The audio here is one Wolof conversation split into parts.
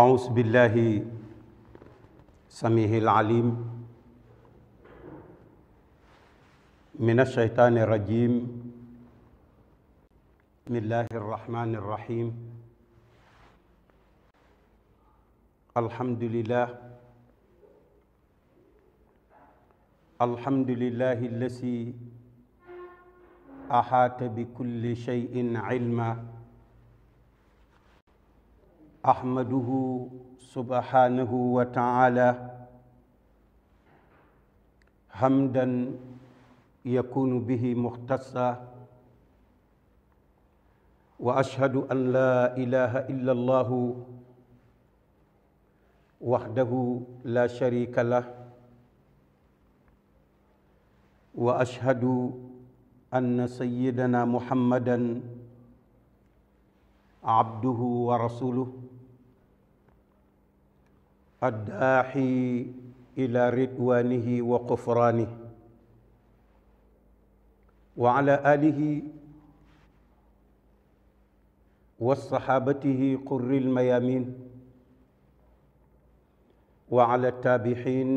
أعوذ بالله سميع العليم من الشيطان الرجيم بسم الله الرحمن الرحيم الحمد لله الحمد لله الذي أحاط بكل شيء علما ahmaduhu subhanahu wa taala hamdan yakunu bihi muxtasa wa ashhadu an la ilaha illa allahu waxdahu la sharika lah wa ashhadu anna sayyidana muhammadan abduhu wa rasuluh addaaxi ila ridwaanihi wa qufraani wa ala alihi wa saxaabatihi qurri lmayamin wa ala taabixin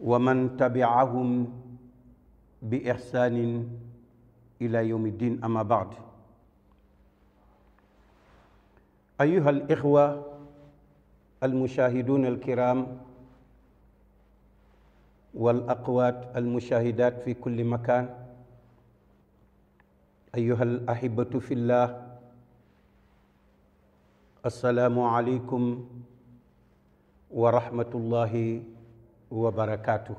wa man tabi'ahum bi ixsaanin ila yawmi ddin amma baad أيها الإخوة المشاهدون الكرام والأقوات المشاهدات في كل مكان أيها الأحبة في الله السلام عليكم ورحمة الله وبركاته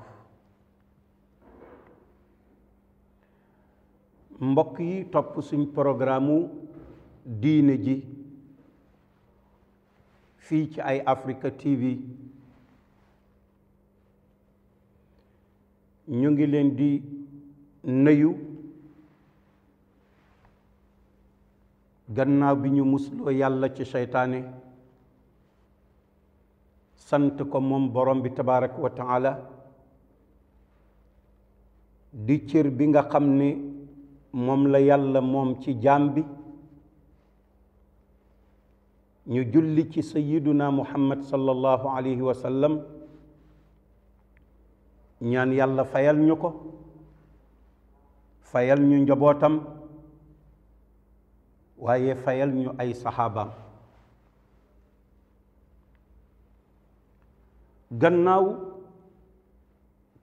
mbokk yi topp suñ programme diine ji fii ci ay Africa TV ñu ngi leen di nuyu gannaaw bi ñu musloo yàlla ci seytaane sant ko moom borom bi tabaaraka wa di cër bi nga xam ni moom la yàlla moom ci jaam bi ñu julli ci sayyiduna muhammad sallallahu alayhi wa sallam ñaan yàlla fayal ñu ko fayal ñu njobootam waaye fayal ñu ay saxaabaam gannaaw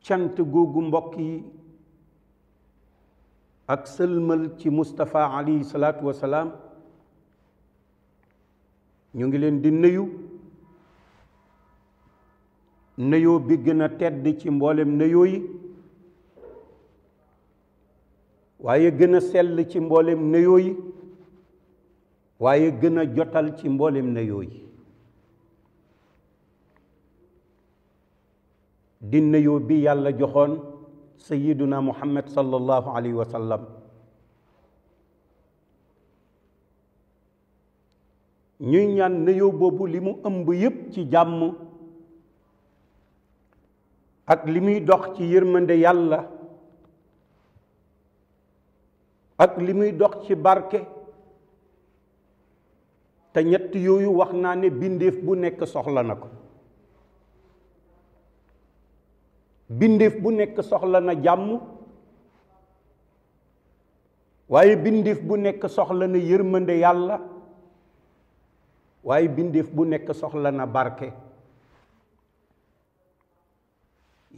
cant googu mbokk yi ak sëlmal ci Mustafa alayhi salaatu wa salaam ñu ngi leen di nuyu nuyoo bi gën a tedd ci mboolem nuyoo waaye gën a sell ci mboolem nuyoo waaye gën a jotal ci mboolem nuyoo di nuyoo bi yàlla joxoon sayyiduna muhammad sallallahu alayhi wa sallam ñuy ñaan nuyoo boobu li mu ëmb yépp ci jàmm ak li muy dox ci yërmande yàlla ak li muy dox ci barke te ñett yooyu wax naa ne bindeef bu nekk soxla na ko bindeef bu nekk soxla na jàmm waaye bindéef bu nekk soxla na yërmande yàlla waaye bindeef bu nekk soxla na barke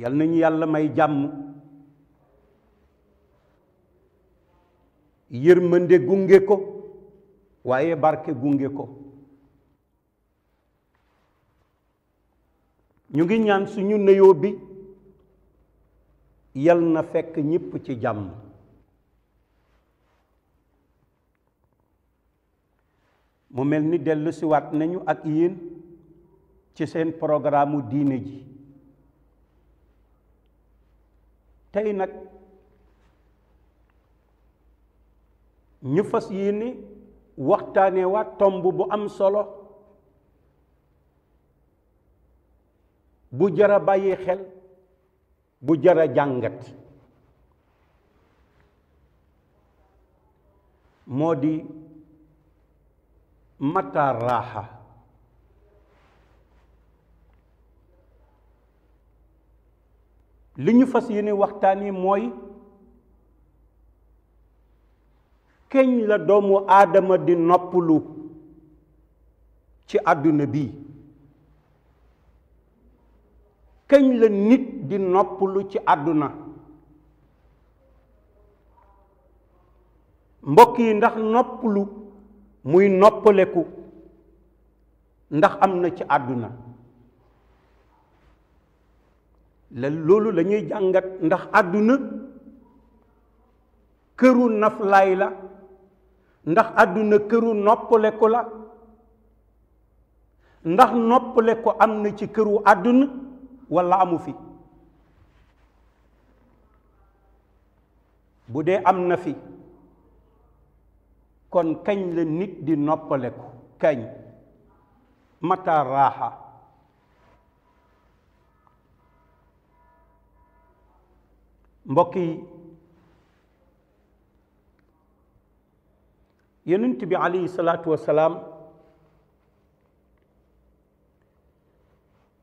yal nañu yàlla may jàmm yërmande gunge ko waaye barke gunge ko ñu ngi ñaan suñu nuyoo bi yal na fekk ñépp ci jàmm mu mel ni dellu siwaat nañu ak yéen ci seen programme diine ji tey nag ñu fas yéene waxtaane waat tomb bu am solo bu jara bàyyi xel bu jara jàngat moo di متى الراحة li ñu fas yéene waxtaan yi mooy keñ la doomu aadama di noppalu ci àdduna bi keñ la nit di noppalu ci àdduna mbokk yi ndax noppalu muy noppaleku ndax am na ci àdduna la loolu la ñuy jàngat ndax àdduna këru naflaay la ndax àdduna këru noppaleku la ndax noppaleku am na ci këru àdduna walla amu fi bu dee am na fi kon kañ la nit di noppaleku kañ mata raaxa mbokk yi yonent alayhi salaatu salaam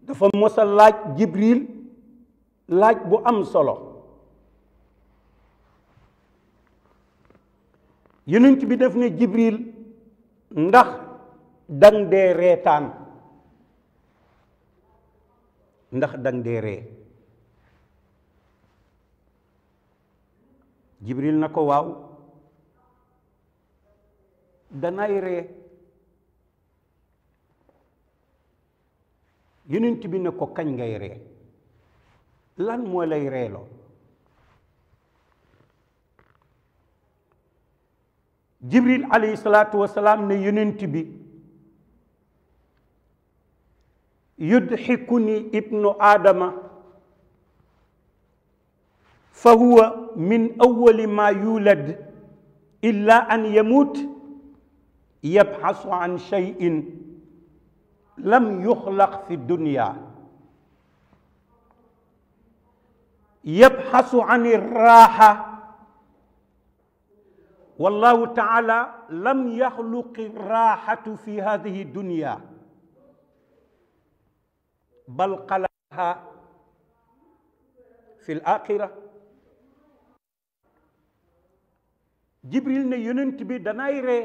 dafa mos laaj jibril laaj bu am solo yonent bi def ne jibril ndax dang dee reetaan ndax dang dee ree jibril na ko waaw danaay ree yonent bi ne ko kañ ngay ree lan moo lay reeloo jibril alayhi salaatu wasalaam ne yonent bi yudxikuni ibnu aadama fa huwa min awali ma yulad illa an yamut yabxasu an cheyin lam yuxlaq fi dunya yabxasu an irraaxa wallahu taala lam yaxluqi raaxatu fi hadihi dunia bal xalaha fi l axira jibril ne yonent bi danaay ree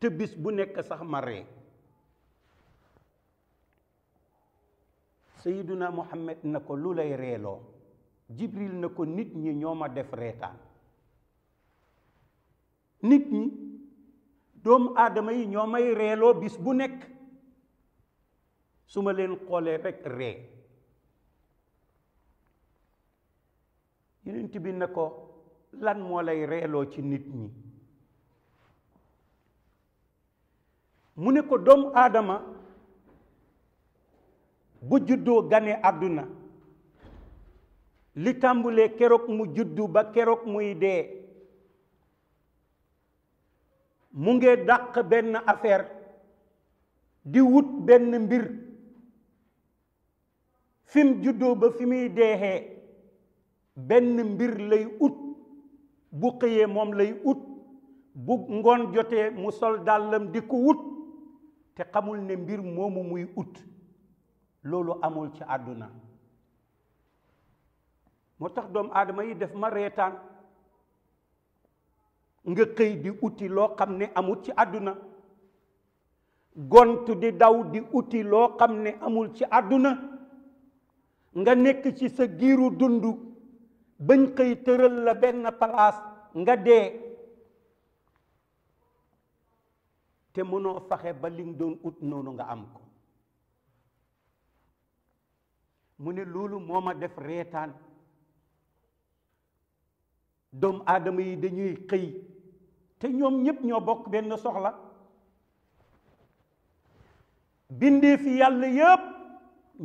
te bu nekk sax ma ree sayiduna muhammad na ko lu lay reeloo jibril na ko nit ñi ñoo ma def reetaan nit ñi doomu aadama yi ñoo may reeloo bis bu nekk suma leen xoolee rek ree yenent bi ne ko lan moo lay reeloo ci nit ñi mu ne ko doomu aadama bu juddoo gane àdduna li tàmbulee keroog mu juddu ba keroog muy dee mu ngi dàq benn affaire di wut benn mbir fi juddoo ba fi muy deexee benn mbir lay ut bu xëyee moom lay ut bu ngoon jotee mu sol dàllam di ko wut te xamul ne mbir moomu muy ut loolu amul ci àdduna moo tax doom aadama yi def ma reetaan nga xëy di uti loo xam ne amul ci àdduna gont di daw di uti loo xam ne amul ci àdduna nga nekk ci sa giiru dund bañ xëy tëral la benn palaas nga dee te mënoo faxe ba li doon ut noonu nga am ko mu ne loolu moo ma def reetaan doomu aadama yi dañuy xëy ñoom ñépp ñoo bokk benn soxla bindee fi yàlla yépp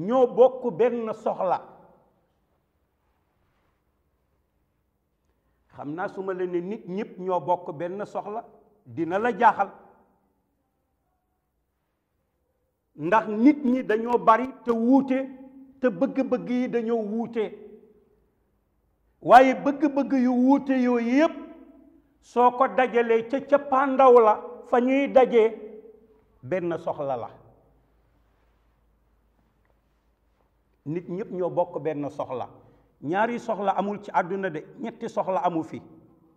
ñoo bokk benn soxla xam naa suma ma la ne nit ñépp ñoo bokk benn soxla dina la jaaxal ndax nit ñi dañoo bari te wuute te bëgg-bëgg yi dañoo wuute waaye bëgg-bëgg yu wuute yooyu yépp soo ko dajalee ca cappaandaw la fa ñuy daje benn soxla la nit ñëpp ñoo bokk benn soxla ñaari soxla amul ci àdduna de ñetti soxla amu fi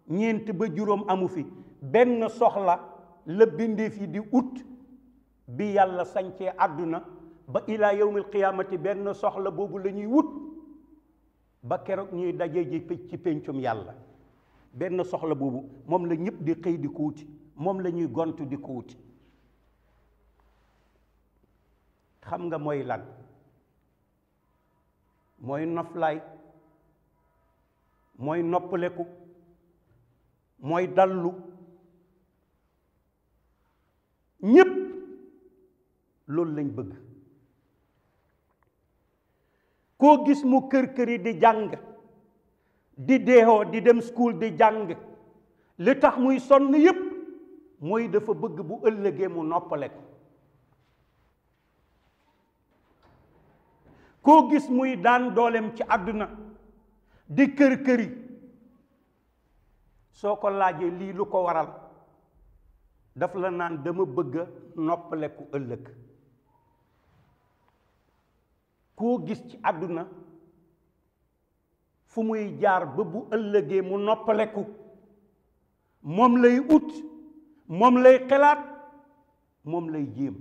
ñeent ba juróom amu fi benn soxla la bindeef yi di ut bi yàlla sañcee àdduna ba ilaa yawmil qiyaamati benn soxla boobu lañuy wut ba keroog ñuy daje ji ci péncum yàlla benn soxla boobu moom la ñëpp di xëy di kuuti moom lañuy ñuy gont di kuuti xam nga mooy lan mooy noflaay mooy noppaleku mooy dallu ñépp loolu lañ bëgg koo gis mu kër këri di jàng di deexoo di dem school di jàng li tax muy sonn yépp mooy dafa bëgg bu ëllëgee mu noppale ko koo gis muy daan doolem ci àdduna di kër-këri soo ko laajee lii lu ko waral daf la naan dama bëgga noppaleku ëllëg koo gis ci àdduna fu muy jaar ba bu ëllëgee mu noppaleku moom lay ut moom lay xelaat moom lay jéem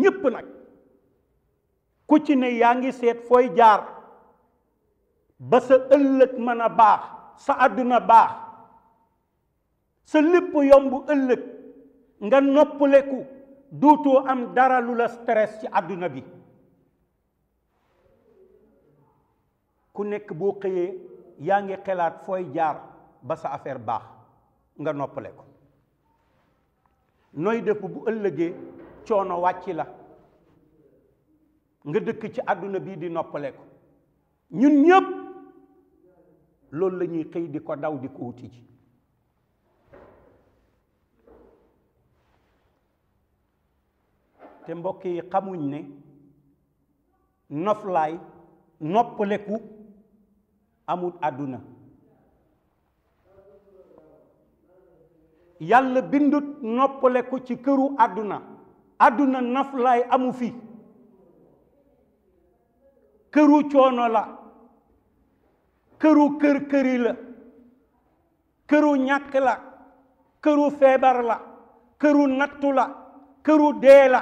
ñépp nag ku ci ne yaa ngi seet fooy jaar ba sa ëllëg mën a baax sa àdduna baax sa lëpp yomb ëllëg nga noppaleku dootoo am dara lu la stress ci àdduna bi ku nekk boo xëyee yaa ngi xelaat fooy jaar ba sa affaire baax nga noppale ko nooy def bu ëllëgee coono wàcc la nga dëkk ci àdduna bii di noppale ko ñun ñëpp loolu lañuy ñuy xëy di ko daw di ko wuti ji te mbokk yi xamuñ ne noflaay noppaleku amut àdduna yàlla bindut noppale ko ci këru àdduna àdduna naflaay amu fi këru coono la këru kër këru ñàkk la këru feebar la këru nattu la këru dee la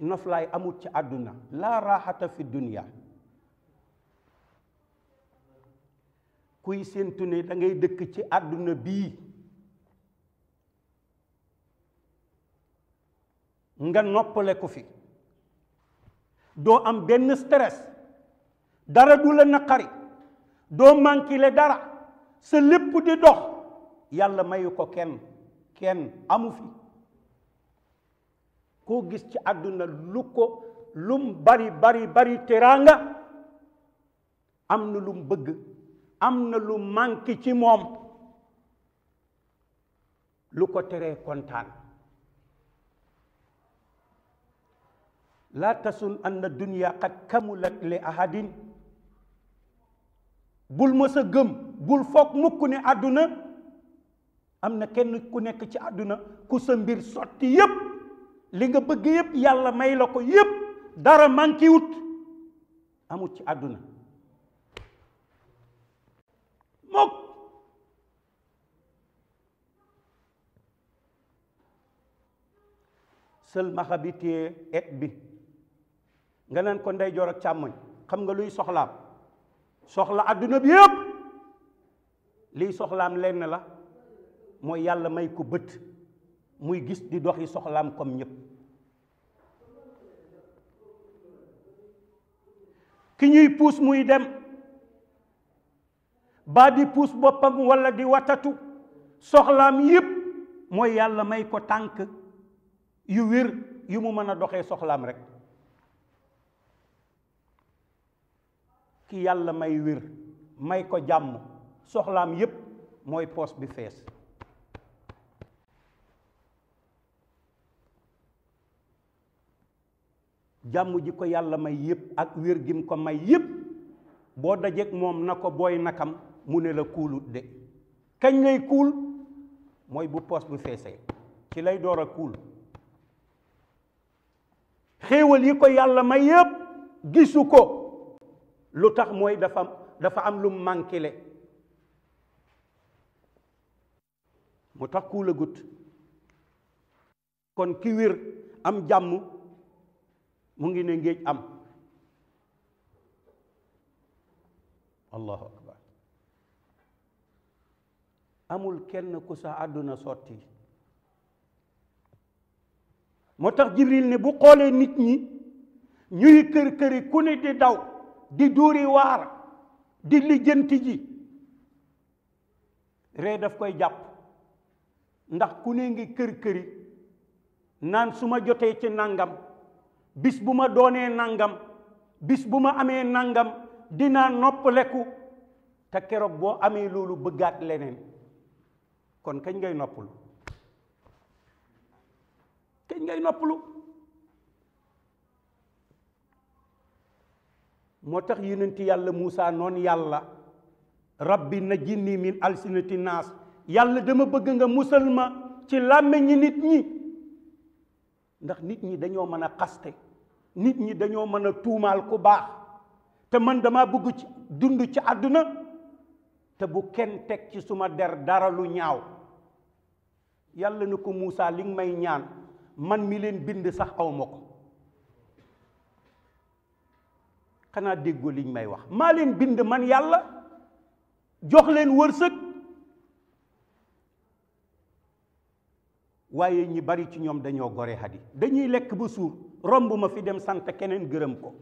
noflaay amut ci àdduna laa raaxata fi dunia kuy séentu ne da ngay dëkk ci àdduna bii nga noppale ko fi doo am benn stress dara du la naqari doo mànkile dara sa lépp di dox yàlla mayu ko kenn kenn amu fi koo gis ci àdduna lu lum bari bari bari teraanga am na lum bëgg am na lu manqué ci moom lu ko teree kontaan laa tasun anna dunya qad kamulat li ahadin bul mës gëm bul foog mukk ne àdduna am na kenn ku nekk ci àdduna ku sa mbir sotti yépp li nga bëgg yépp yàlla may la ko yépp dara manqué wut amut ci àdduna mook sëlmaxa bi téye et bi nga naan ko ndeyjoor ak càmmoñ xam nga luy soxlaam soxla àdduna bi yépp liy soxlaam lenn la mooy yàlla may ko bët muy gis di doxi soxlaam comme ñépp ki ñuy puus muy dem ba di puus boppam walla di watatu soxlaam yépp mooy yàlla may ko tànk yu wér yu mu mën a doxe soxlaam rekk ki yàlla may wér may ko jàmm soxlaam yépp mooy poos bi fees jàmm ji ko yàlla may yëpp ak wér gim ko may yëpp boo dajeek moom na ko booy nakam mu ne la kuulut de kañ lay kuul mooy bu poos bu feesee ci lay door a kuul xéewal yi ko yàlla may yëpp gisu ko lu tax mooy dafa dafa am lu mànkile mu tax kuula kuulagut kon ki wér am jàmm mu ngi ne ngéej am allahu akbar amul kenn ku sa àdduna sotti moo tax jibril ne bu xoolee nit ñi ñuy kër-këri ku ne di daw di duuri waar di lijjanti ji ree daf koy jàpp ndax ku ne ngi kër-këri naan su ma jotee ci nangam bis bu ma doonee nangam bis bu ma amee nangam dinaa noppaleku te keroog boo amee loolu bëggaat leneen kon kañ ngay noppalu kañ ngay noppalu moo tax yonent yàlla Muusa noon yàlla rabbi najinni min alsinati naas yàlla dama bëgg nga musal ma ci làmmiñi nit ñi ndax nit ñi dañoo mën a xaste nit ñi dañoo mën a tuumaal ku baax te man dama bëgg ci dund ci àdduna te bu kenn teg ci suma der dara lu ñaaw yàlla na ko Moussa li may ñaan man mi leen bind sax awma ko xanaa déggoo liñ may wax maa leen bind man yàlla jox leen wërsëg waaye ñi bari ci ñoom dañoo gore hadi dañuy lekk ba suur romb ma fi dem sant keneen gërëm ko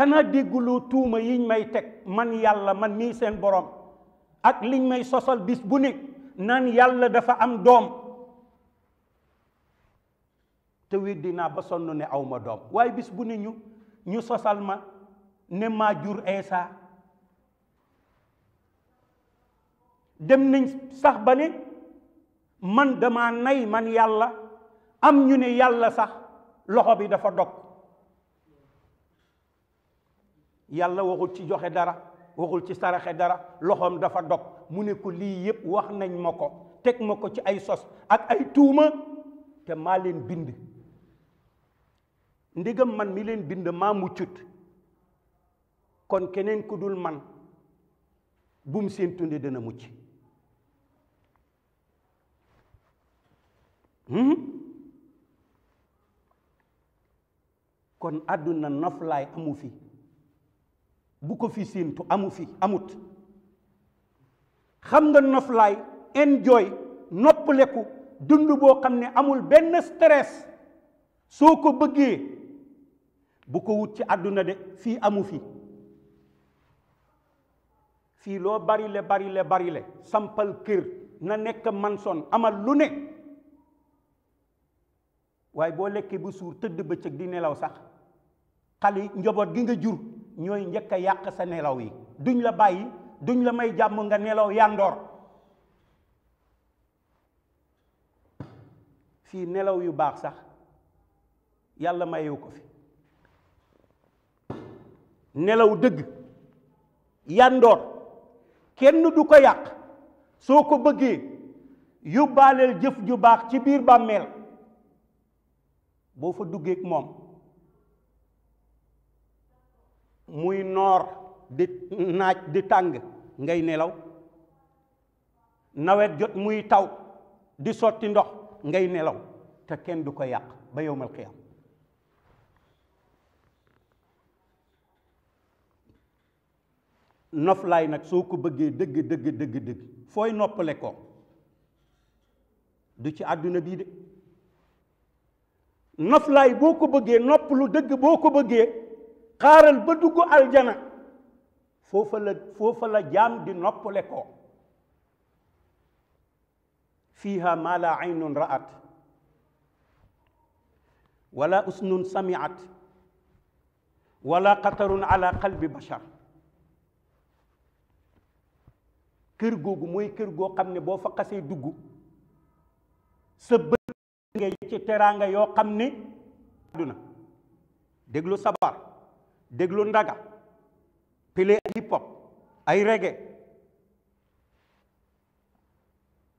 xanaa dégguloo tuuma yiñ may teg man yàlla man mii seen borom ak liñ may sosal bis bu nekk naan yàlla dafa am doom te weddi dinaa ba sonn ne awma doom waaye bis bu ne ñu ñu sosal ma ne maa jur eesa dem nañ sax ba ne man dama nay man yàlla am ñu ne yàlla sax loxo bi dafa dog yàlla waxul ci joxe dara waxul ci saraxe dara loxoom dafa dog mu ne ko lii yépp wax nañ ma ko teg ma ko ci ay sos ak ay tuuma te maa leen bind ndegam man mi leen bind maa muccut kon keneen ku dul man bum seen tunde dana mucc Mhm. kon àdduna noflaay amu fi bu ko fi séentu amu fi amut xam nga noflaay enjoy noppaleku dund boo xam ne amul benn stress soo ko bëggee bu ko wut ci àdduna de fii amu fi fii loo bari le bari le bari le sampal kër na nekk manson amal lu ne waaye boo lekkee ba suur tëdd bëccëg di nelaw sax xali njaboot gi nga jur ñooy njëkk a yàq sa nelaw yi duñ la bàyyi duñ la may jàmm nga nelaw yàndoor fii nelaw yu baax sax yàlla mayewu ko fi nelaw dëgg yàndoor kenn du ko yàq soo ko bëggee yóbbaaleel jëf ju baax ci biir bàmmeel boo fa duggeek moom muy noor di naaj di tàng ngay nelaw nawet jot muy taw di sotti ndox ngay nelaw te kenn du ko yàq ba yowmal xiyaam noflaay nag soo ko bëggee dëgg dëgg dëgg dëgg fooy noppale ko du ci àdduna bii de noflaay boo ko bëggee nopp lu dëgg boo ko bëggee xaaral ba dugg aljana foofa la foofa la jaam di noppale ko fiiha maa laa aynun ra'at wala usnun samiat wala xatarun ala qalbi bashar kër googu mooy kër goo xam ne boo fa xasee dugg sa ngay ci teraanga yoo xam ni àdduna déglu sabar déglu ndaga pile hip hop ay reggae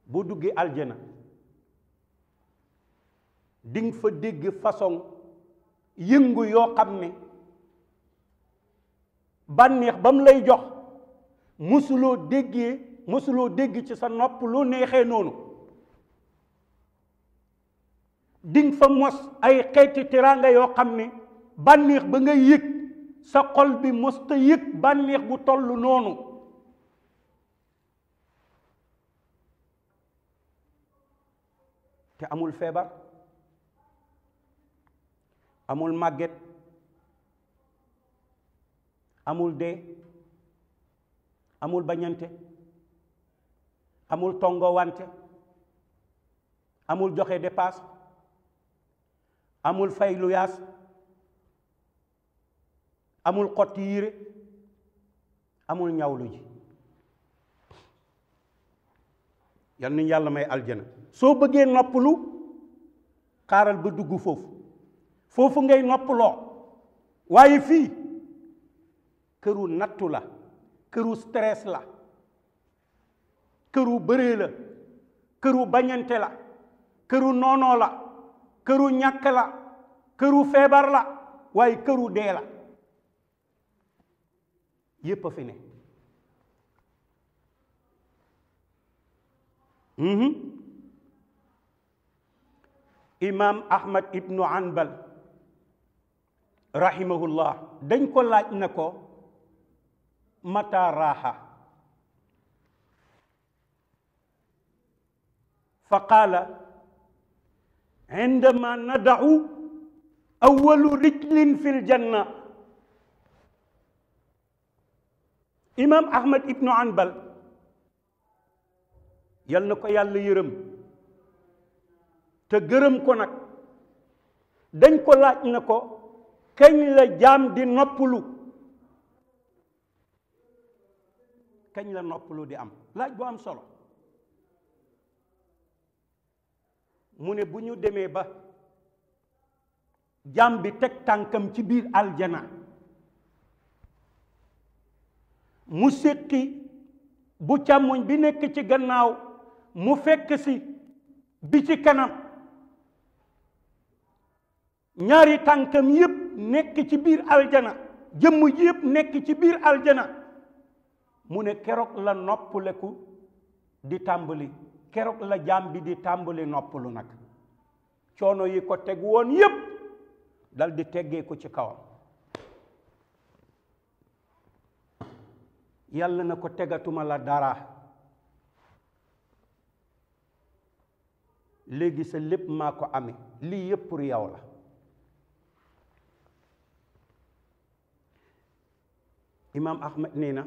bu duggee aljana dinga fa dégg façon yëngu yoo xam ne bànneex ba mu lay jox mësuloo déggee mësuloo dégg ci sa nopp lu neexee noonu ding fa mos ay xeeti teraanga yoo xam ne bànneex ba nga yëg sa xol bi mos ta yëg bànneex bu toll noonu te amul feebar amul màgget amul dee amul bañante amul tongowante amul joxe dépasse amul fay lu amul xotti yére amul ñawlu ji yal yàlla may aljana soo bëggee noppalu xaaral ba dugg foofu foofu ngay noppaloo waaye fii këru nattu la këru stress la këru bëree la këru bañante la këru noonoo la këru ñàkk la këru feebar la waaye këru dee la yépp a fi ne mhm. imaam ahmad ibnu hanbal rahimahullah dañ ko laaj na ko mata raaxa fa qaala indama nadau awalu rijlin fi ljanna imam ahmad ibnu anbal yal na ko yàlla yërëm te gërëm ko nag dañ ko laaj na ko kañ la jaam di noppalu kañ la noppalu di am laaj bu am solo mu ne bu ñu demee ba jàmm bi teg tànkam ci biir aljana mu séqi bu càmmoñ bi nekk ci gannaaw mu fekk si bi ci kanam ñaari tànkam yépp nekk ci biir aljana jëmm yépp nekk ci biir aljana mu ne keroog la noppaleku di tàmbali keroog la jaam bi di tàmbali noppalu nag coono yi ko teg woon yépp dal di teggee ko ci kawam yàlla na ko tegatuma la dara léegi sa lépp maa ko ame lii yépp pour yow la imaam ahmed nee na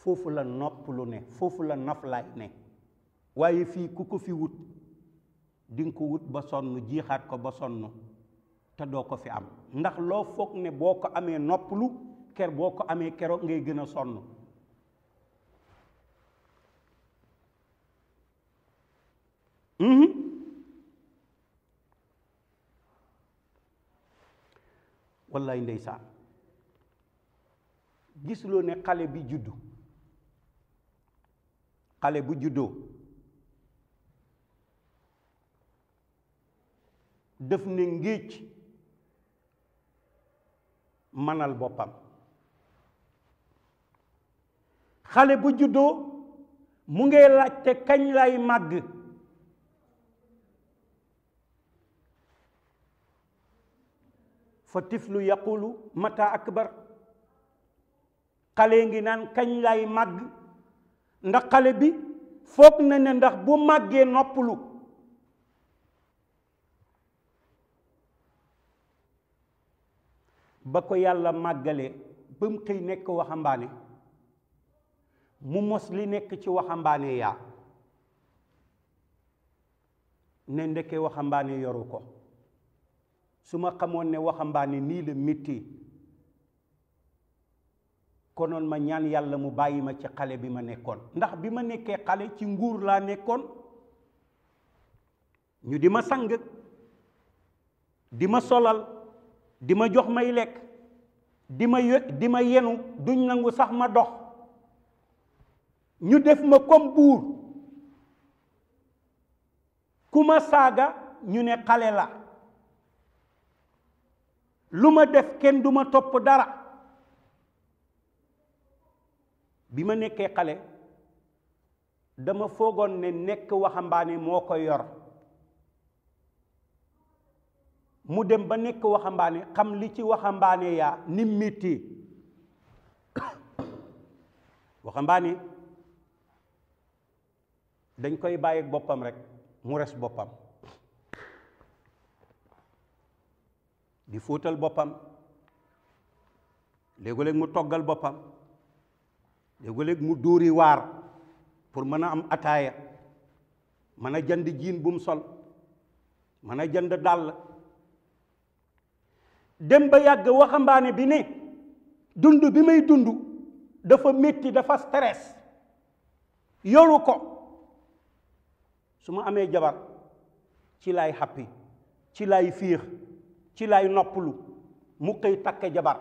foofu la noppalu ne foofu la naf naflaay ne waaye fii ku ko fi wut di ko wut ba sonn jiixaat ko ba sonn te doo ko fi am ndax loo foog ne boo ko amee noppalu ker boo ko amee keroog ngay gëna a sonn mhm. wallaay ndeysaan gisuloo ne xale bi juddu xale bu juddoo def ne ngéej manal boppam xale bu juddoo mu ngay laajte kañ lay màgg fa tiflu yaqulu mata akbar xale ngi naan kañ lay màgg ndax xale bi foog na ne ndax bu màggee noppalu ba ko yàlla màggale ba mu xëy nekk waxambaane mu mos li nekk ci waxambaane yaa ne ndekke waxambaane yoru ko su ma xamoon ne waxambaane nii la métti konoon ma ñaan yàlla mu bàyyi ma ci xale bi ma nekkoon ndax bi ma nekkee xale ci nguur laa nekkoon ñu di ma sang di ma solal di ma jox may lekk di ma di ma yenu duñ nangu sax ma dox ñu def ma comme buur ku ma saaga ñu ne xale la lu ma def kenn duma topp dara bi ma nekkee xale dama foogoon ne nekk waxambaane moo ko yor mu dem ba nekk waxambaane xam li ci waxambaane yaa ni métti waxambaane dañ koy bàyyi boppam rek mu res boppam di fóotal boppam léegu-léeg mu toggal boppam léegu-léeg mu dóori waar pour mën a am ataaya mën a jënd jiin bu sol mën a jënd dàll dem ba yàgg waxambaane bi ne dund bi may dund dafa metti dafa stress yoru ko su ma amee jabar ci lay xàppi ci lay fiix ci lay noppalu mu xëy takke jabar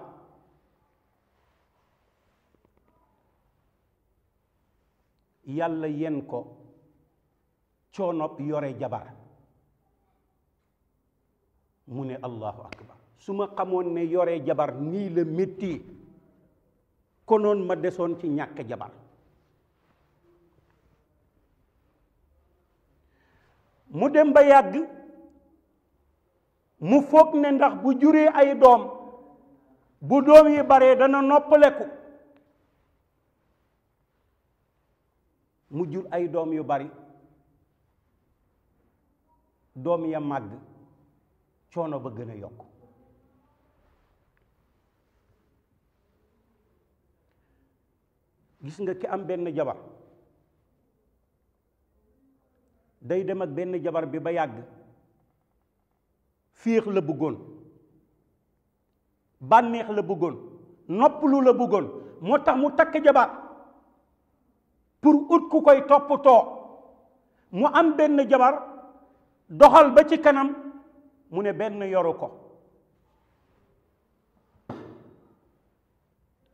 yàlla yenn ko coonop yore jabar mu ne allahu akbar su ma xamoon ne yore jabar nii la métti konoon ma desoon ci ñàkk jabar mu dem ba yàgg mu foog ne ndax bu juree ay doom bu doom yi baree dana noppaleku mu jur ay doom yu bari doom ya màgg coono ba gën a yokk gis nga ki am benn jabar day dem ak benn jabar bi ba yàgg féex la bëggoon bànneex la bëggoon noppalu la bëggoon moo tax mu takk jabar pour ut ku koy toppatoo mu am benn jabar doxal ba ci kanam mu ne benn yoru ko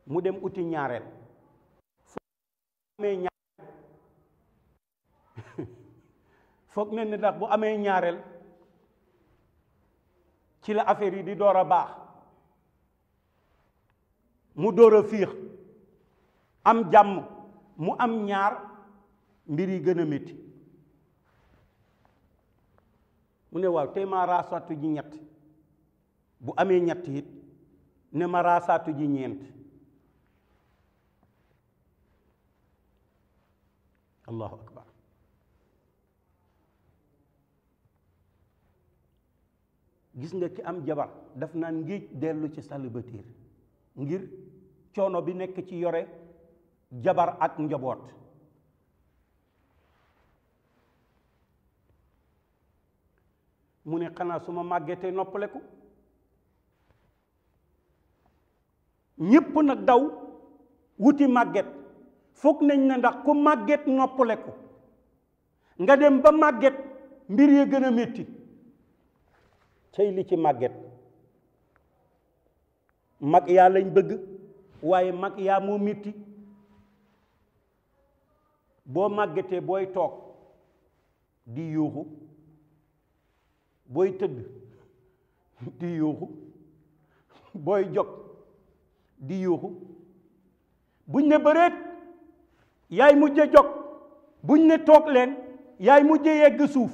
mu dem wuti ñaareel amee ñaareel foog ne ni ndax bu amee ñaareel ci la affaire yi di door a baax mu door a fiix am jàmm mu am ñaar mbir yi gën a métti mu ne waaw tey ma raasaatu ji ñett bu amee ñett it ne ma raasaatu ji ñeent allahu akbar gis nga ki am jabar daf naan ngiij dellu ci célibataire ngir coono bi nekk ci yore jabar ak njaboot mu ne xanaa suma ma màggetee noppaleku ñépp nag daw wuti màgget foog nañ na ndax ku màgget noppale ko nga dem ba màgget mbir ya gën a métti tey li ci màgget mag yaa lañ bëgg waaye mag yaa moo métti boo màggetee booy toog di yuuxu booy tëdd di yuuxu booy jog di yuuxu buñ ne bëreet yaay mujje jóg buñ ne toog leen yaay mujje yegg suuf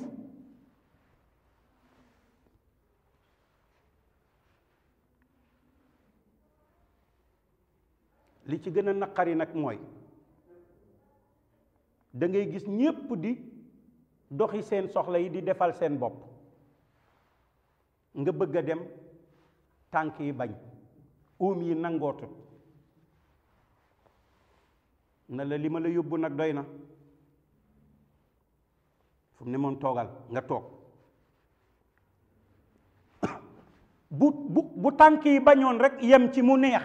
li ci gën a naqari nag mooy da ngay gis ñépp di doxi seen soxla yi di defal seen bopp nga bëgg a dem tànk yi bañ uum yi nangootu na la li ma la yóbbu nag doy na fu mu toogal nga toog bu bu bu tànk yi bañoon rek yem ci mu neex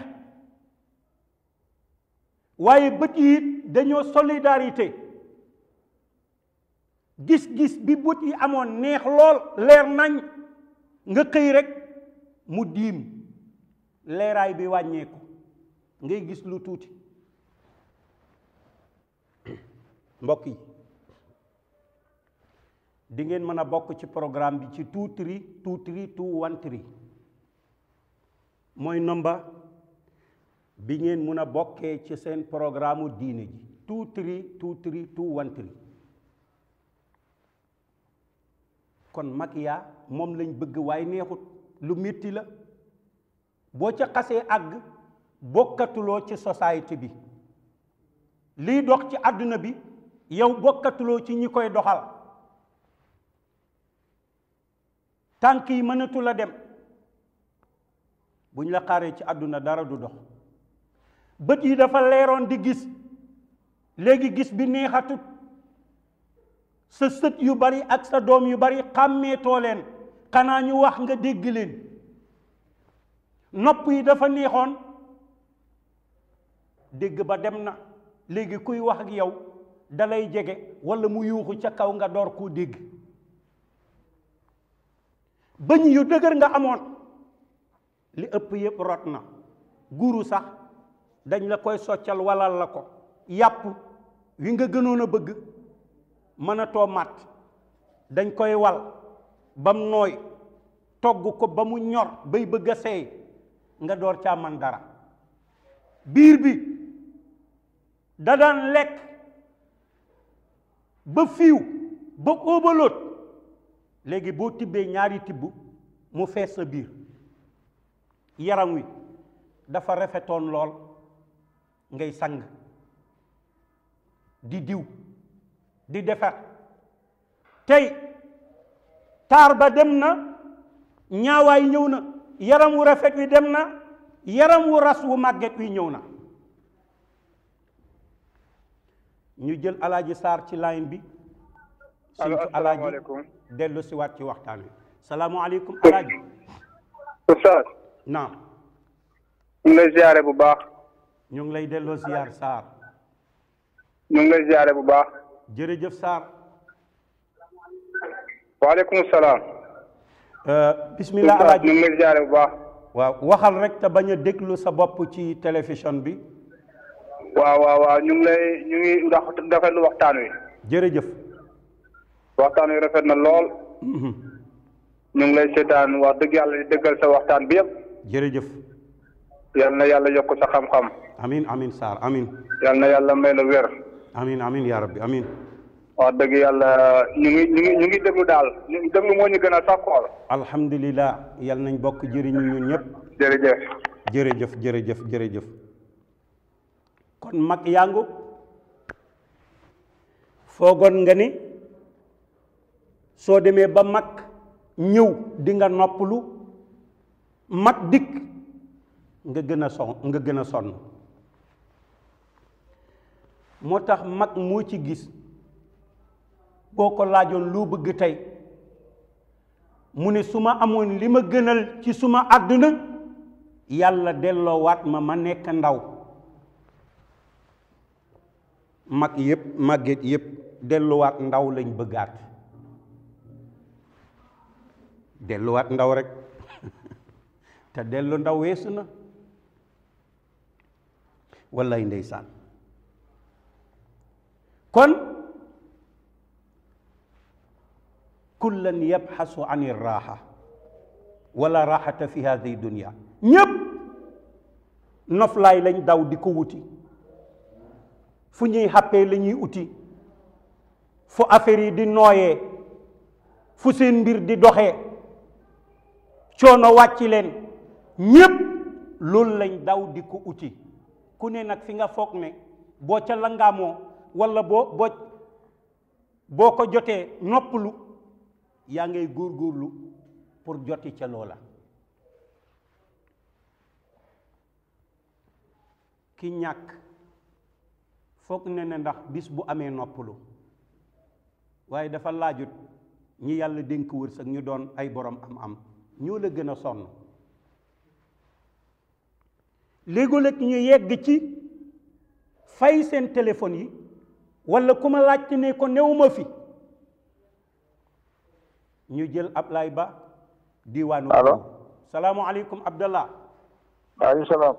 waaye bët yi dañoo solidarité gis-gis bi bët yi amoon neex lool leer nañ nga xëy rekk mu diim leeraay bi wàññeeku ngay gis lu tuuti mbokk yi di mën a bokk ci programme bi ci two three two three two one three mooy nomba bi ngeen mën a bokkee ci seen programme diine ji two three two three two one three kon Makiya moom lañ bëgg waaye neexut lu métti la boo ca xasee àgg bokkatuloo ci société bi liy dox ci àdduna bi yow bokkatuloo ci ñi koy doxal tànk yi mënatul a dem buñ la xaaree ci àdduna dara du dox bët yi dafa leeroon di gis léegi gis bi neexatut sa sët yu bari ak sa doom yu bari xàmmeetoo leen xanaa ñu wax nga dégg leen nopp yi dafa neexoon dégg ba dem na léegi kuy wax ak yow dalay jege walla mu yuuxu ca kaw nga door koo dégg bëñ yu dëgër nga amoon li ëpp yëpp rot na guru sax dañ la koy soccal wallal la ko yàpp wi nga gënoon a bëgg mënatoo màtt dañ koy wal bam nooy togg ko ba mu ñor bay bëgg a sey nga door caa man dara biir bi da daan lekk ba fiiw ba óobaloot léegi boo tibbee ñaari tibb mu fees sa biir yaram wi dafa rafetoon lool ngay sang di diw di defar tey taar ba dem na ñaawaay ñëw na yaram wu rafet wi dem na yaram wu ras wu màgget wi ñëw na ñu jël alaaji saar ci line bi surtout alaaji dellu si waat ci waxtaan wi salaamaaleykum alaaji oustaz naam ñu ngi lay ziare bu baax ñu ngi lay delloo ziar Sarr ñu ngi lay ziare bu baax jërëjëf Sarr waaleykum salaam euh, bismillah alaaji ñu ngi lay ziare bu baax waaw waxal rek te bañ a déglu sa bopp ci télévision bi waaw waaw waaw ñu ngi lay ñu ngi ndax rafetlu waxtaan wi. jërëjëf. waxtaan wi rafet na lool. Mhm. ñu ngi lay seetaan wax dëgg yàlla dëggal sa waxtaan bi yëpp. jërëjëf. yal na yàlla yokk sa xam-xam. amin amin Sarr amin yal na yàlla may la wér. amin amin yaa rabbi amin wax dëgg yàlla ñu ngi ñu ngi ñu ngi déglu daal ñu ngi déglu moo ñu gën a sàkkool. nañ bokk jëriñu ñun jërëjëf jërëjëf. kon mag yàngu foogoon nga ne soo demee ba mag ñëw dinga nga noppalu mag dikk nga gën a sonn moo tax mag moo ci gis boo ko laajoon lu bëgg tey mu ne su ma amoon li ma gënal ci suma àdduna yàlla delloowaat ma ma nekk ndaw mag yépp màgget yépp delluwaat ndaw lañ bëggaat delluwaat ndaw rekk te dellu ndaw weesu na wallaay ndeysaan kon kullan yabxasu an irraxa wala raxata fi hadihi dunia ñëpp noflaay lañ daw di ko wuti fu ñuy xàppee la ñuy uti fu affaire yi di nooyee fu seen mbir di doxee coono wàcc leen ñépp loolu lañ daw di ko uti ku ne nag fi nga foog ne boo ca langaamoo walla boo boo boo ko jotee noppalu yaa ngay góorlu pour joti ca loola ki ñàkk foog ne ne ndax bis bu amee noppalu waaye dafa laajut ñi yàlla dénk wërsëg ñu doon ay borom am-am ñoo la gën a sonn léegi ñu yegg ci fay seen téléphone yi walla ku ma laajte ne ko newuma fi ñu jël Ablaye Ba diwaanu. allo salaamualeykum Abdallah. waaleykum salaam.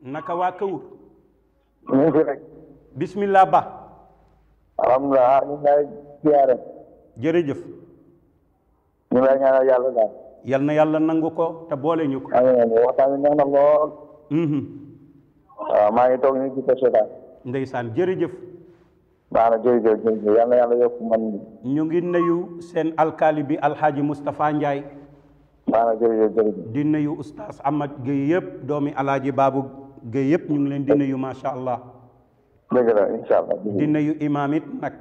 naka waa Kawur. ñu fi rek. bismillah ba alhamdulilah ñu ngi lay jërëjëf ñu lay ñaanal yal na yàlla nangu ko te boole ñu ko amiin waxtaan bi neex na lool mhm. maa ngi toog ni ci ko seetaan ndeysaan jërëjëf baax na jërëjëf yal na yàlla yokk man ñu ngi nuyu seen alkaali bi alxaaji Moustapha Ndiaye baax na jërëjëf jërëjëf di nuyu oustaz Amad Gueye yëpp doomi alaaji Baabu géey yëpp ñu ngi leen di nuyu macha allah di nuyu imaam it nag.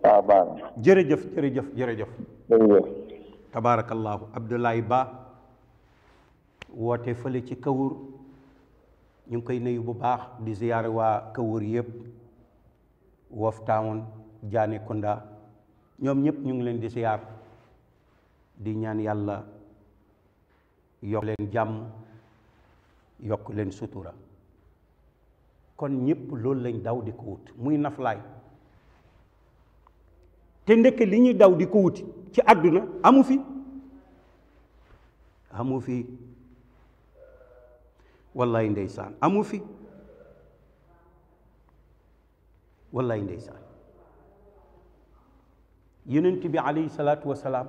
waaw ah, jërëjëf jërëjëf jërëjëf. jërëjëf. tabaarakallaahu Abdoulaye Ba woote fële ci Kawur ñu ngi koy nuyu bu baax di ziyaare waa Kawur yépp Woof Town Diané ñoom ñëpp ñu ngi leen di ziyaar di ñaan yàlla yokk leen jàmm yokk leen sutura. kon ñëpp loolu lañ daw di ko wut muy naflaay te ndekk li ñuy daw di ko wuti ci àdduna amu fi amu fi wallaay ndeysaan amu fi wallaay ndeysaan yonent bi alayhi salaatu wasalaam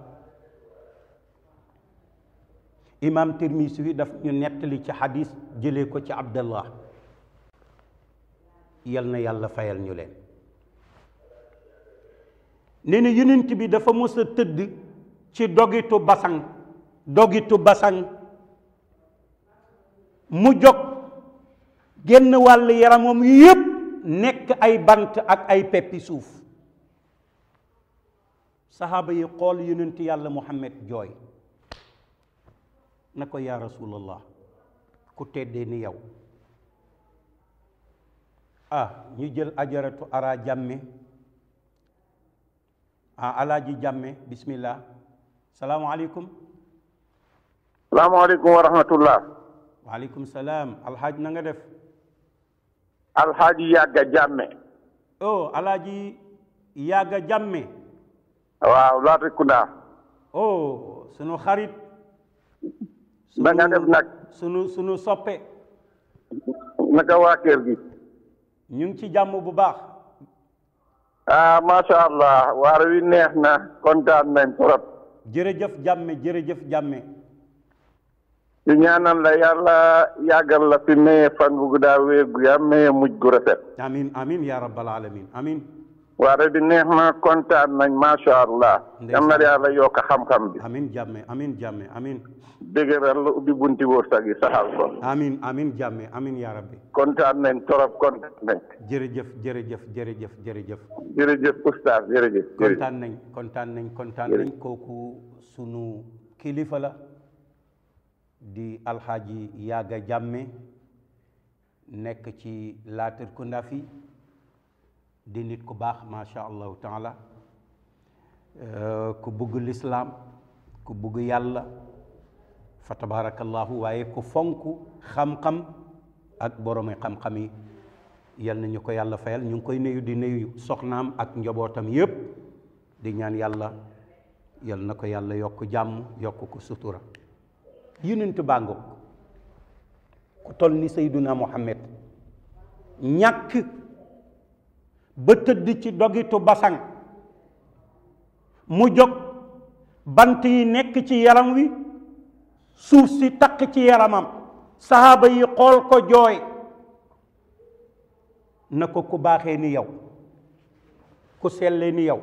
imaam Tirmisi daf ñu nettali ci xadis jëlee ko ci abdallah yal na yàlla fayal ñu leen nee na yonent bi dafa mës a tëdd ci dogitu basang dogitu basang mu jog genn wàll yaramam yépp nekk ay bant ak ay peppi suuf saxaaba yi xool yonent yàlla Muhammad jooy na ko yaa rasulallah ku teddee ni yow ah ñu jël ajaratu ara jàmme a ah, alaaji jàmme bismillah salaamaaleykum salaamaaleykum wa rahmatullah waaleykum salaam alxaaj nanga def alxaaji yàgga jàmme oh alaaji yàgga jàmme waaw laata kundaa oh sunu xarit na nga def nag sunu sunu soppe naka waa gi ñu ngi ci jàmm bu baax. a ah, macha allah waar wi neex na kontaan nañ trop. jërëjëf jàmme jërëjëf jàmme. ñu ñaanal la yàlla yàggal la fi maye fan bu daal wéegu yaa maye mujj gu rafet. amin amin yaa rabbal alamin amin waare bi neex na kontaan nañ macha allah. yal na yàlla yokk xam-xam bi. amin jàmme amin jàmme amin. dëgëral la ubbi bunti wërsëg yi saxal ko. amin amin jàmme amin yaa kontaan nañ torop kontaan nañ. jërëjëf jërëjëf jërëjëf jërëjëf. jërëjëf oustaz jërëjëf. kontaan nañ kontaan nañ kontaan nañ kooku sunu kilifa la. di alxaaji yaaga jàmme nekk ci Latrikunda fi di nit ku baax macha allahu taala eh, ku bugg lislaam ku bugg yàlla fa tabarakallahu waaye ku fonk xam-xam ak boroomi xam-xam yi yal na ko yàlla fayal ñu ngi koy nuyu di nuyu soxnaam ak njabootam yépp di ñaan yàlla yal na ko yàlla yokk jàmm yokk ko sutura yonent baa ngoog ku toll ni sayduna muhammad ñàkk ba tëdd ci dogitu basan mu jog bant yi nekk ci yaram wi suuf si takk ci yaramam saaba yi xool ko jooy na ko ku baaxee ni yow ku sellee ni yow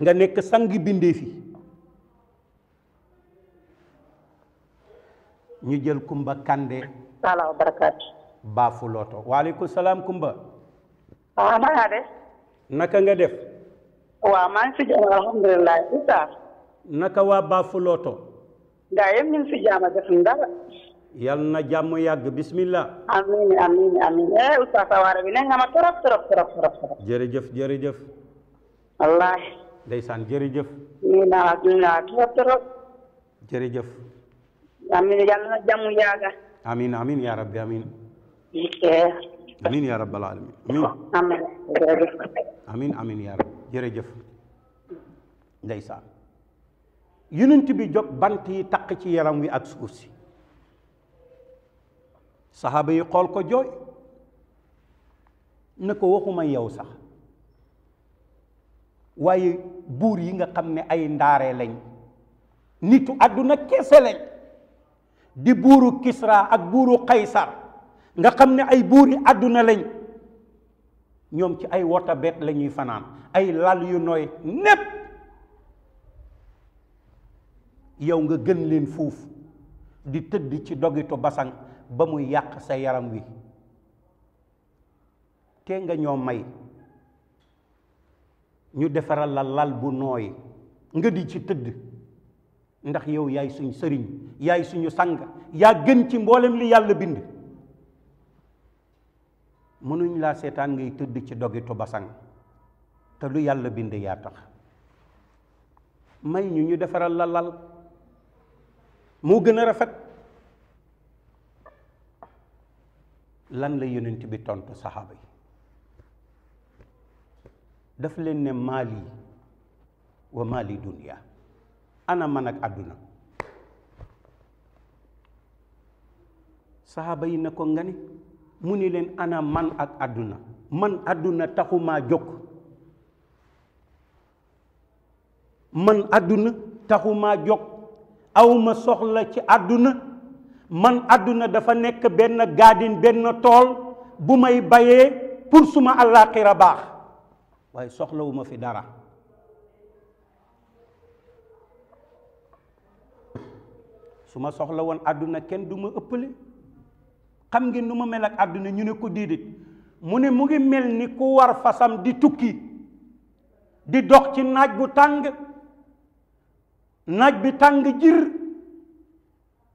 nga nekk sangi bindee ñu jël kumba kande salaam barakaatu Baafuloto waaleykum salaam Kumba. waaw naka def. naka nga def. waaw maa ngi si jàmm alhamdulilah Oustaz. naka waa Baafuloto. gaa yëpp ñu ngi si jàmm def dara. yal na jàmm yàgg bismillah. amiin amiin amiin eh Oustaz Sawaare bi ne nga ma trop trop trop trop. jërëjëf jërëjëf. wallaahi. ndeysaan jërëjëf. ñu naa ñu naa trop trop. yal na jàmm yàgg. amiin amiin yaa rabbi amiin. yitee amin yaa rabbal alamin amin amin amin yaa rab jërëjëf ndeysaan yonent bi jóg bant yi taq ci yaram wi ak suuf si saxaaba yi xool ko jooy na ko waxuma yow sax waaye buur yi nga xam ne ay ndaare lañ nitu àdduna kese lañ di buuru Kisra ak buuru Kaysar nga xam ne ay buuri àdduna lañ ñoom ci ay wota lañuy fanaan ay lal yu nooy népp yow nga gën leen fuuf di tëdd ci dogitu basan ba muy yàq sa yaram wi te nga ñoo may ñu defaral la lal bu nooy nga di ci tëdd ndax yow yaay suñ sëriñ yaay suñu sang yaa gën ci mboolem li yàlla bind mënuñ laa seetaan ngay tëdd ci dogitu basang te lu yàlla bind yaa tax may ñu ñu defaral la lal moo gën a rafet lan la yonent bi tontu saxaaba yi daf leen ne maali wa maali dunia ana man ak àdduna saxaaba yi ne ko nga ne mu ni leen ana man ak àdduna man àdduna taxumaa jóg man àdduna taxumaa jóg awma soxla ci àdduna man àdduna dafa nekk benn gaadin benn tool bu may bayee pour suma àllaaxira baax waaye soxlawuma fi dara su ma soxla woon àdduna kenn du ma ëppale xam ngeen nu mu mel ak àdduna ñu ne ko déedéet mu ne mu ngi mel ni ku war fasam di tukki di dox ci naaj bu tàng naaj bi tàng jir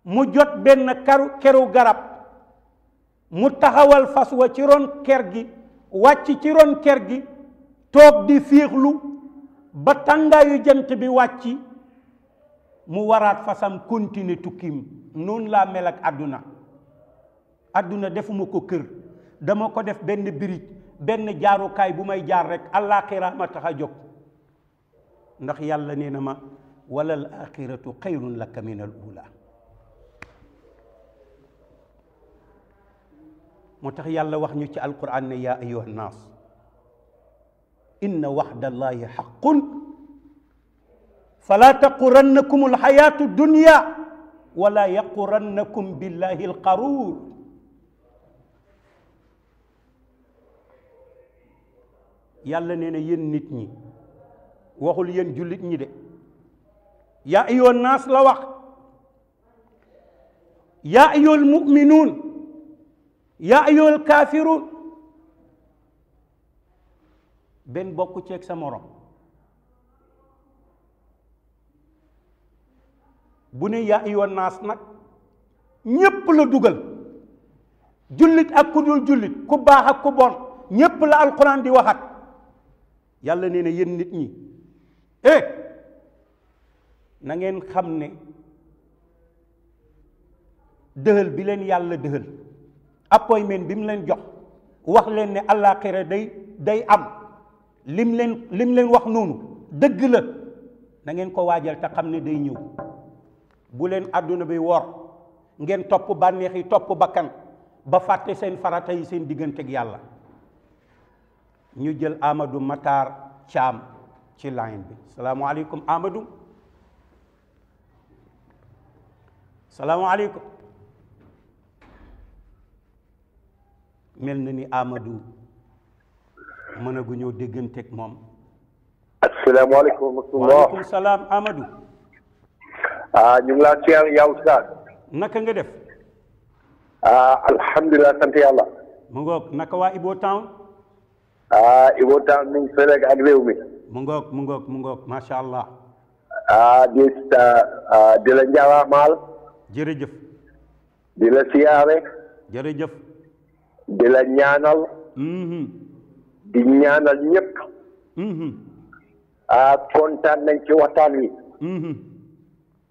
mu jot benn karu keru garab mu taxawal fas wa ci ron ker gi wàcc ci ron ker gi toog di féexlu ba tàngaayu jant bi wàcc mu waraat fasam continuer tukkim noonu laa mel ak àdduna adduna defuma ko kër dama ko def benn birig benn jaarukaay bu may jaar rek allaaxira ma tax a jóg ndax yàlla nee na ma wala al axiratu laka min al ula moo tax yàlla wax ñu ci alquran ne yaa ayuha nnaas inna waxdallahi fala taqurannakum alxayatu dunya wala yaqurannakum billahi alqaruur yàlla nee yen nit ñi waxul yéen jullit ñi de yaa ayoon naas la wax yaa ayool muminuun yaa ayool kaafiruun benn bokk ceeg sa morom bu ne yaa ayoon naas nag ñépp la dugal jullit ak ku dul jullit ku baax ak ku bon ñépp la alquran di waxat yàlla nee na yéen nit ñi eh na ngeen xam ne dëhël bi leen yàlla dëhël appointment bi mu leen jox wax leen ne àllaaxira day day am lim leen lim leen wax noonu dëgg la na ngeen ko waajal te xam ne day ñëw bu leen àdduna bi wor ngeen topp bànneex yi topp bakkan ba fàtte seen farata yi seen diggante yàlla ñu jël amadu Matar Thiam ci line bi salaamaaleykum Amadou salaamaaleykum mel na ni Amadou mën a gu ñëw dégganteeg moom. asalaamaaleykum wa rahmatulah waaleykum salaam Amadou. ah ñu ngi laa siyaar yow Oustaz. naka nga def. ah alhamdulilah sant yàlla. mu ngoog naka waa Ibo Town. ah Ibo Tall mi ngi fële ak réew mi. mu ngoog mu ngoog mu allah. ah di ah, di la njaaraamaal. jërëjëf. di la siyaare. jërëjëf. di la ñaanal. Mm-hmm. di ñaanal ñëpp. Mm-hmm. ah kontaan nañ ci waxtaan wi. Mm-hmm.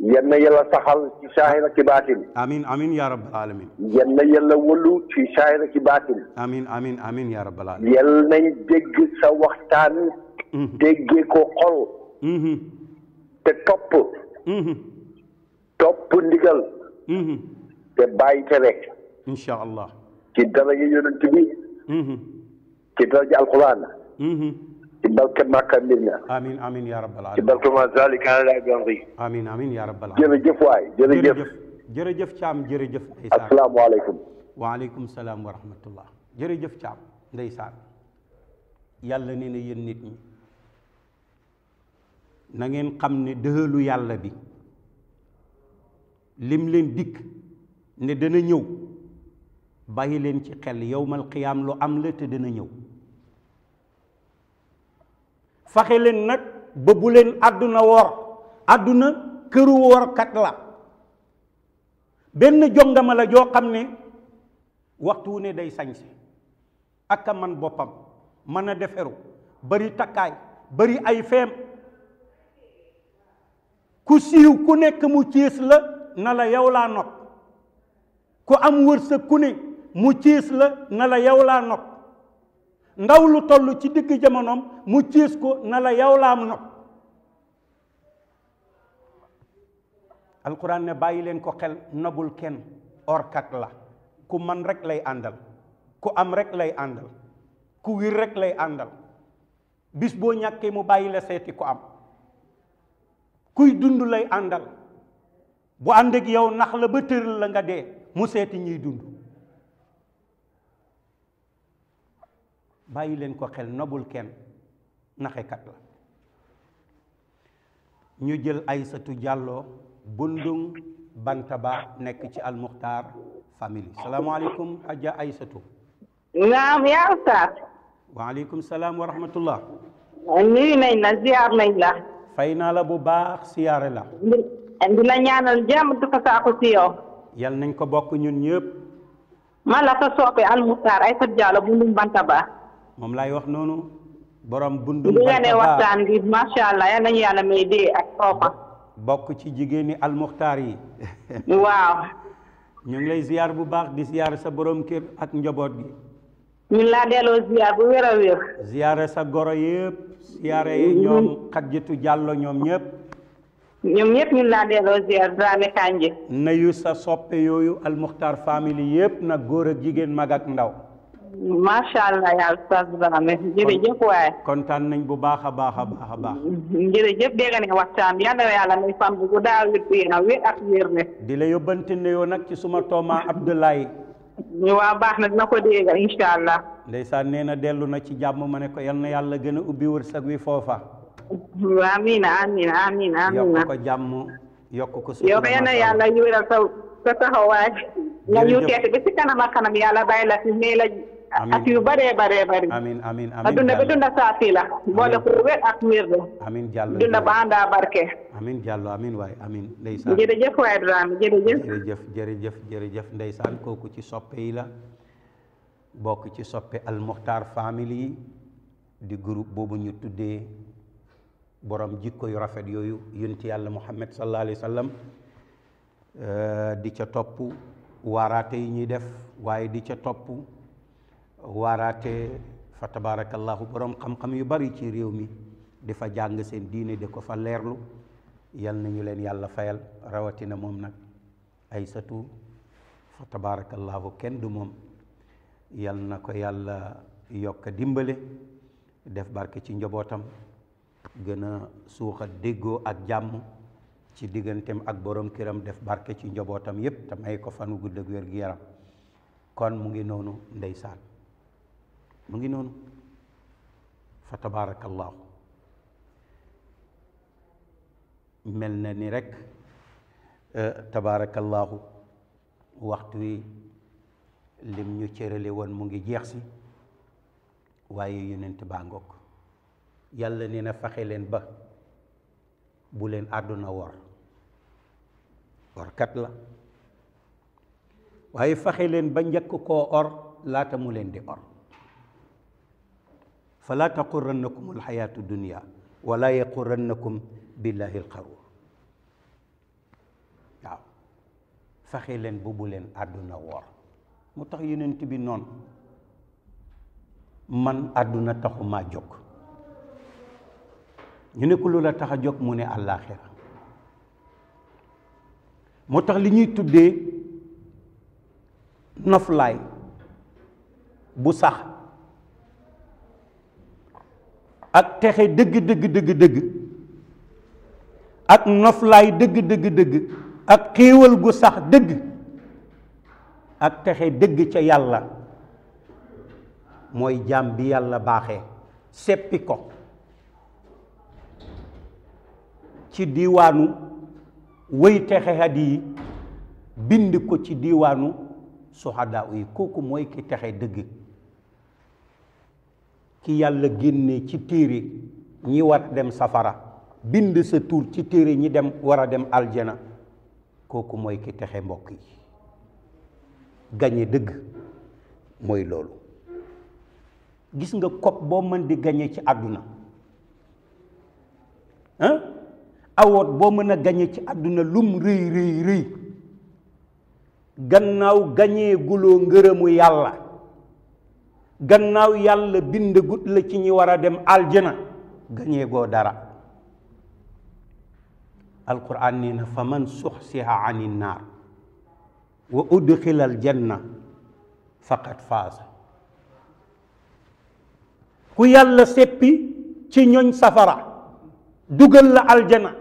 yenn yàlla saxal ci saahir ak ci baatin. amiin amiin yaa rabbal aalamiin. yenn yàlla wëlu ci saahir ak ci baatin. amiin amiin amiin yaa rabbal aalamiin. yal nañ dégg sa waxtaan. Mhm. déggee ko xol. Mhm. te topp. Mhm. topp ndigal. te bàyyi tere. incha allah. ci daraja yonent bi. ci daraja alquran. ci barke Makka Medina. amiin amiin yaa rabbal aalamiin. ci barke ma zalika ala ganzi. amiin amiin yaa rabbal aalamiin. jërëjëf waay jërëjëf. jërëjëf Thiam jërëjëf. ndeysaan asalaamualeykum. waaleykum salaam wa rahmatullah. jërëjëf Thiam ndeysaan yàlla nee na yéen nit ñi na ngeen xam ne dëhëlu yàlla bi lim leen dikk ne dana ñëw bàyyi leen ci xel yowmal qiyaam lu am la te dana ñëw. faxe leen nag ba bu leen àdduna wor àdduna këru workat la benn jongama la joo xam ne waxtu wu ne day sañse ak a man boppam mën a deferu bari takkaay bari ay feem ku siiw ku nekk mu ciis la na la yow laa nopp ku am wërsëg ku ne mu ciis la na la yow laa nopp ndaw lu toll ci digg jamonoom mu ciis ko na la laa am nopp alquran ne bàyyi leen ko xel nobul kenn orkat la ku man rekk lay àndal ku am rekk lay àndal ku wir rek lay àndal bis boo ñàkkee mu bàyyi la seeti ku am kuy dund lay àndal bu ànd ak yow nax la ba tëral la nga dee mu seeti ñiy dund bàyyi leen ko xel nobul kenn naxekat la ñu jël ay satu Jàlloo bundung bantaba nekk ci almuxtaar family ay satu Aysatu naam yaa ustaas waaleykum salaam wa rahmatullah nuyu nañ la ziyaar nañ la fay naa la bu baax siyaare la di na ñaanal jàmm di ko saako si yow yal nañ ko bokk ñun ñëpp man la sa soppe almuxtaar Aysatu Jàlloo bundung bantaba moom lay wax noonu borom bundum li nga ne waxtaan bi macha allah yal nañu yàlla may dee ak toofa bokk ci jigéeni almuxtaar yi waaw ñu lay ziyaar bu baax di ziyaar sa borom kër ak njaboot gi ñu laa delloo ziyaar bu wér wér ziyaare sa goro yëpp ziyaare ñoom mm-hmm. xajjitu jàllo ñoom ñëpp ñoom ñëpp ñu laa delloo ziyaar Dramé Kandji nayu sa soppe yooyu almuxtaar famille yëpp na góor ak jigéen mag ak ndaw macha allah yaa Oustaz Dramé jërëjëf waaye. kontaan nañ bu baax a baax a baax a baax. jërëjëf dégg nga ne waxtaan yal na yàlla may fan bu ko daal wér yéena wér ak wér ne. di la yóbbante nuyoo nag ci suma tooma Abdoulaye. waa baax na dina ko dégg incha allah. ndeysaan nee na dellu na ci jàmm ma ne ko yal na yàlla gën a ubbi wërsëg wi foofa. amiina amiina amiina amiina. yokk ko jàmm yokk ko. yow yal na yàlla ñu wéral sa si kanam ak kanam yàlla bàyyi la fi may ak yu bëree bëree bëri amin amin amin dunda bi dunda saati la boole ko wér amin jàllo amin jàllo amin waay amin ndeysaan jërëjëf waay Ibrahima jërëjëf jërëjëf jërëjëf jërëjëf kooku ci soppe yi ci soppe Al family di groupe boobu ñu tuddee borom jikko yu rafet yooyu yonent yàlla Muhammad sallallahu alayhi wa di ca topp waaraate yi ñuy def waaye di ca topp waaraate fa tabarakallahu boroom xam-xam yu bari ci réew mi di fa jàng seen diine di ko fa leerlu yal nañu leen yàlla fayal rawatina moom nag ay satu fa tabarakallahu kenn du moom yal na ko yàlla yokk dimbale def barke ci njabootam gën a suuxa déggoo ak jàmm ci digganteem ak borom këram def barke ci njobootam yépp te may ko fanu gudd ak wér-gu-yaram kon mu ngi noonu ndeysaan mu ngi noonu fa tabaarakallaahu mel na ni rek euh, tabaarakallaahu waxtu wi lim ñu cërale woon mu ngi jeex si waaye yonent baa ngoog yàlla nee na faxe leen ba bu leen àdduna wor orkat la waaye faxe leen ba njëkk koo or laata mu leen di or fala taqurannakum alxayaatu dunia wala yaqurannakum billahi alxaruur waaw fexe leen bu bu leen àdduna woor mu tax yonent bi noonu man àdduna taxumaa jóg ñu ne ko lu la tax a jóg mu ne àllaaxira moo tax li ñuy tuddee noflaay bu sax ak texe dëgg dëgg dëgg dëgg ak noflaay dëgg dëgg dëgg ak xéewal gu sax dëgg ak texe dëgg ca yàlla mooy jaam bi yàlla baaxe seppi ko ci diiwaanu wéy texe had yi bind ko ci diiwaanu soxadaa yi kooku mooy ki texe dëgg ki yàlla génne ci téere ñi war a dem safara bind sa tur ci téere ñi dem war a dem aljana kooku mooy ki texe mbokk yi gañe dëgg mooy loolu gis nga kopp boo mën di gañe ci àdduna ah awoot boo mën a gañe ci àdduna lum rëy rëy rëy gannaaw gañee guloo ngërëmu yàlla gannaaw yàlla bindagut la ci ñi war a dem aljana gañee goo dara alquran nee na fa man suxsiha an innaar wa udxila aljanna faqad faasa ku yàlla seppi ci ñoñ safara dugal la aljana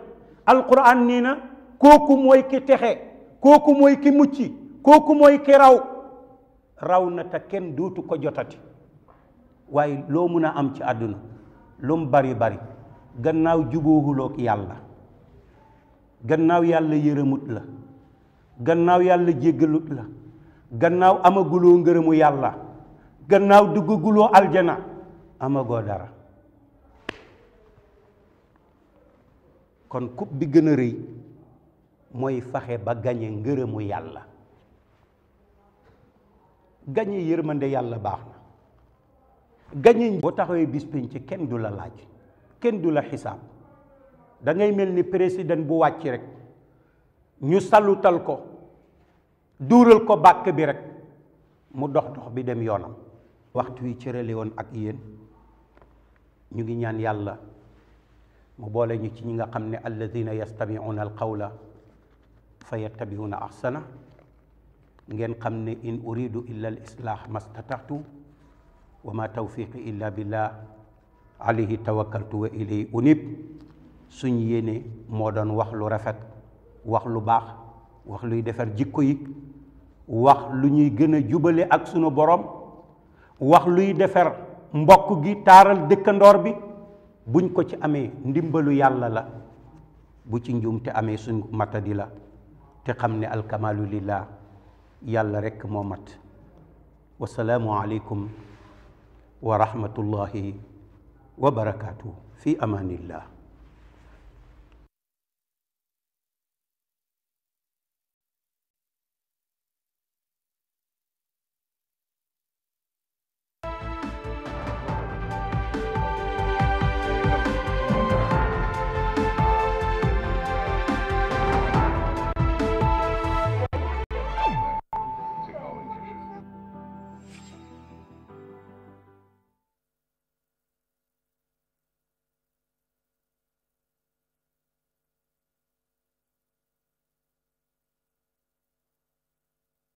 alquran nee na kooku mooy ki texe kooku mooy ki mucc kooku mooy ki raw raw na te kenn duutu ko jotati waaye loo mun a am ci àdduna lu mu bari bari gannaaw jubóohuloog yàlla gannaaw yàlla yërëmut la gannaaw yàlla jéggalut la gannaaw amaguloo ngërëmu yàlla gannaaw duggaguloo aljana amagoo dara kon coupe bi gën a réy mooy faxe ba gañe ngërëmu yàlla gañe yërmande yàlla baax gañe boo taxawee bis penc ci kenn du la laaj kenn du la xisaab dangay mel ni président bu wàcc rek ñu salutal ko duural ko bàkk bi rek mu dox dox bi dem yoonam waxtu wi cërale ak yéen ñu ngi ñaan yàlla mu boole ñu ci ñi nga xam ne alladina yastamiuuna alqawla fa yattabiuuna ahsana ngeen xam ni in uridu illa al islaax wa ma tawfiqi illa billah alayhi tawakkaltu wa ilayhi unib suñ yéene moo doon wax lu rafet wax lu baax wax luy defar jikko yi wax lu ñuy gën a jubale ak sunu borom wax luy defar mbokk gi taaral dëkkandoor bi buñ ko ci amee ndimbalu yàlla la bu ci njuumte amee suñ matadi la te xam ne alkamalu lillah yàlla rekk moo mat wasalaamu aleykum wa rahmatullahi wa barakaatu fi amaanillah